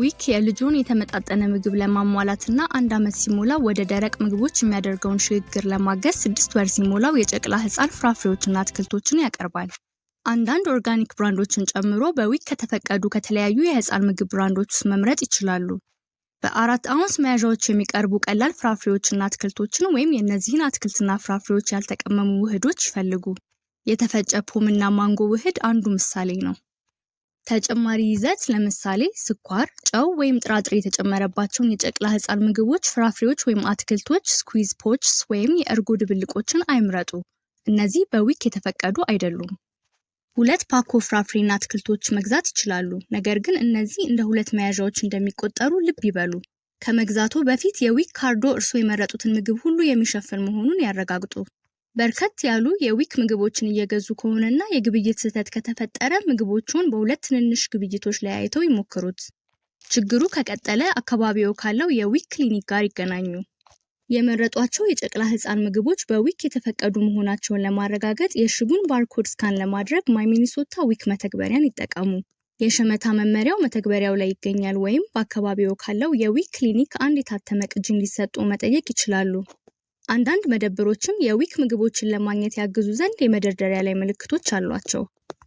ዊክ የልጁን የተመጣጠነ ምግብ ለማሟላትና አንድ ዓመት ሲሞላው ወደ ደረቅ ምግቦች የሚያደርገውን ሽግግር ለማገዝ ስድስት ወር ሲሞላው የጨቅላ ህፃን ፍራፍሬዎችና አትክልቶችን ያቀርባል። አንዳንድ ኦርጋኒክ ብራንዶችን ጨምሮ በዊክ ከተፈቀዱ ከተለያዩ የህፃን ምግብ ብራንዶች ውስጥ መምረጥ ይችላሉ። በአራት አውንስ መያዣዎች የሚቀርቡ ቀላል ፍራፍሬዎችና አትክልቶችን ወይም የእነዚህን አትክልትና ፍራፍሬዎች ያልተቀመሙ ውህዶች ይፈልጉ። የተፈጨ ፖምና ማንጎ ውህድ አንዱ ምሳሌ ነው። ተጨማሪ ይዘት ለምሳሌ ስኳር፣ ጨው ወይም ጥራጥሬ የተጨመረባቸውን የጨቅላ ህፃን ምግቦች፣ ፍራፍሬዎች ወይም አትክልቶች ስኩዊዝ ፖችስ ወይም የእርጎ ድብልቆችን አይምረጡ። እነዚህ በዊክ የተፈቀዱ አይደሉም። ሁለት ፓኮ ፍራፍሬና አትክልቶች መግዛት ይችላሉ፣ ነገር ግን እነዚህ እንደ ሁለት መያዣዎች እንደሚቆጠሩ ልብ ይበሉ። ከመግዛቱ በፊት የዊክ ካርዶ እርስዎ የመረጡትን ምግብ ሁሉ የሚሸፍን መሆኑን ያረጋግጡ። በርከት ያሉ የዊክ ምግቦችን እየገዙ ከሆነና የግብይት ስህተት ከተፈጠረ ምግቦቹን በሁለት ትንንሽ ግብይቶች ለያይተው ይሞክሩት። ችግሩ ከቀጠለ አካባቢው ካለው የዊክ ክሊኒክ ጋር ይገናኙ። የመረጧቸው የጨቅላ ህፃን ምግቦች በዊክ የተፈቀዱ መሆናቸውን ለማረጋገጥ የእሽጉን ባርኮድ ስካን ለማድረግ ማይሚኒሶታ ዊክ መተግበሪያን ይጠቀሙ። የሸመታ መመሪያው መተግበሪያው ላይ ይገኛል ወይም በአካባቢው ካለው የዊክ ክሊኒክ አንድ የታተመ ቅጂ እንዲሰጡ መጠየቅ ይችላሉ። አንዳንድ መደብሮችም የዊክ ምግቦችን ለማግኘት ያግዙ ዘንድ የመደርደሪያ ላይ ምልክቶች አሏቸው።